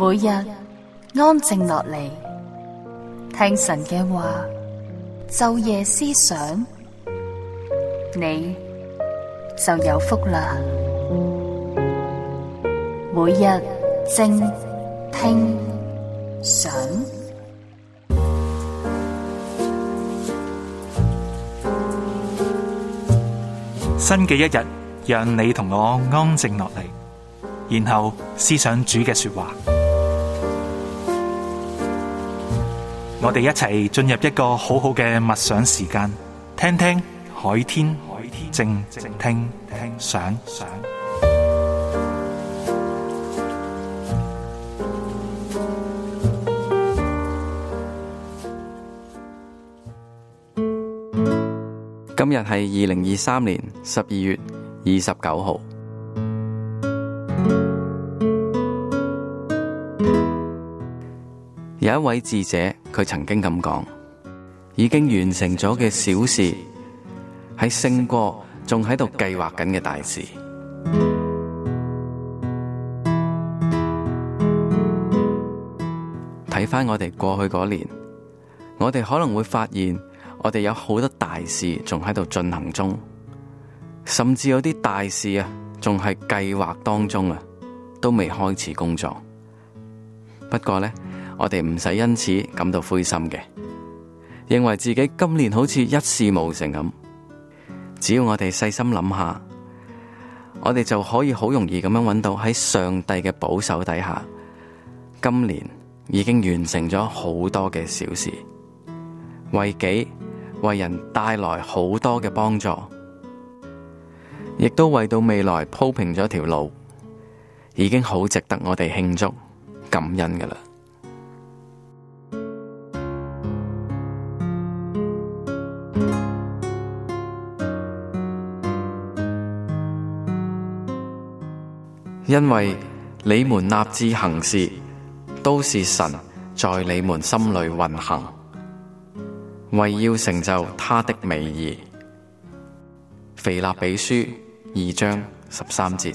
每日安靜落嚟，聽神嘅話，晝夜思想，你就有福啦。每日靜聽想，新嘅一日，讓你同我安靜落嚟，然後思想主嘅說話。我哋一齊進入一個好好嘅默想時間，聽聽海天靜聽想。今日係二零二三年十二月二十九號。有一位智者，佢曾經咁講：「已經完成咗嘅小事，係勝過仲喺度計劃緊嘅大事。睇翻 我哋過去嗰年，我哋可能會發現，我哋有好多大事仲喺度進行中，甚至有啲大事啊，仲係計劃當中啊，都未開始工作。不過呢。」我哋唔使因此感到灰心嘅，認為自己今年好似一事無成咁。只要我哋細心諗下，我哋就可以好容易咁樣搵到喺上帝嘅保守底下，今年已經完成咗好多嘅小事，為己為人帶來好多嘅幫助，亦都為到未來鋪平咗條路，已經好值得我哋慶祝感恩㗎喇。因為你們立志行事，都是神在你們心裡運行，為要成就他的美意。腓立比書二章十三節。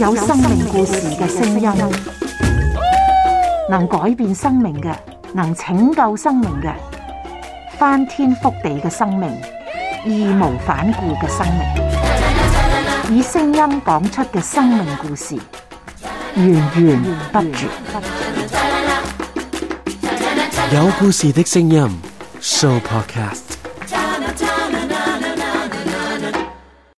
有生命故事嘅聲音，能改變生命嘅，能拯救生命嘅，翻天覆地嘅生命，義無反顧嘅生命，以聲音講出嘅生命故事，源源不絕。有故事的聲音，Sooo Podcast。